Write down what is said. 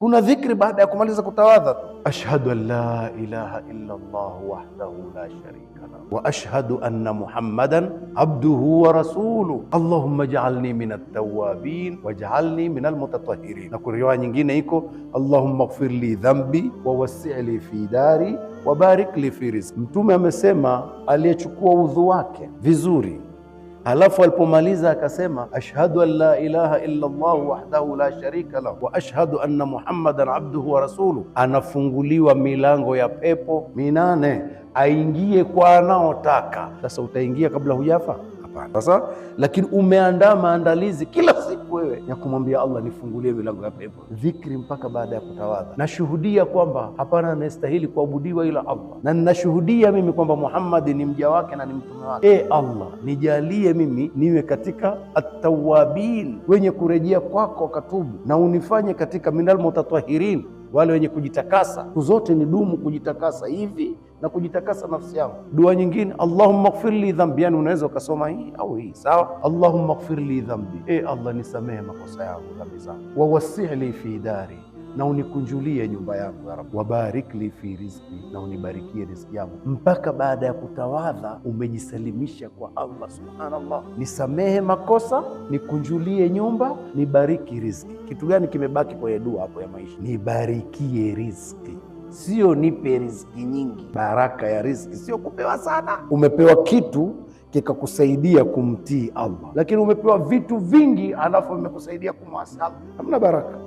Kuna dhikri baada ya kumaliza kutawadha tu, ashhadu an la ilaha illa Allah wahdahu la sharika lahu wa ashhadu anna Muhammadan abduhu wa rasuluh allahumma jaalni min at-tawwabin min al Na kuna nyingine iko allahumma ighfir li dhambi wa wasi' li fi dari wa barik li fi rizqi. Mtume amesema aliyechukua udhu wake vizuri alafu alipomaliza akasema, ashhadu an la ilaha illa Allah wahdahu la sharika lahu wa ashhadu anna Muhammadan abduhu wa rasuluh. Anafunguliwa milango ya pepo minane aingie kwa anaotaka. Sasa utaingia kabla hujafa? Hapana. Sasa lakini umeandaa maandalizi kila siku wewe ya kumwambia Allah, nifungulie milango ya pepo, dhikri mpaka baada ya kutawadha. Nashuhudia kwamba hapana anayestahili kuabudiwa ila Allah, na ninashuhudia mimi kwamba Muhammad ni mja wake na ni mtume wake. E Allah, nijalie mimi niwe katika atawabin, wenye kurejea kwako wakatubu, na unifanye katika minal mutatahirin, wale wenye kujitakasa. Siku zote ni dumu kujitakasa hivi na kujitakasa nafsi yangu. Dua nyingine Allahumma ighfir li dhambi, yani unaweza ukasoma hii au hii sawa. Allahumma ighfir li dhambi, e Allah nisamehe makosa yangu, dhambi zangu. wasi li fi dari na unikunjulie nyumba yangu ya Rabbi. Wabarik li fi rizqi, na unibarikie riziki yangu. Mpaka baada ya kutawadha umejisalimisha kwa Allah subhanallah, nisamehe makosa, nikunjulie nyumba, nibariki riziki. Kitu gani kimebaki kwenye dua hapo ya maisha? Nibarikie riziki sio nipe riziki nyingi. Baraka ya riziki sio kupewa sana. Umepewa kitu kikakusaidia kumtii Allah, lakini umepewa vitu vingi alafu vimekusaidia kumwasi Allah, hamna baraka.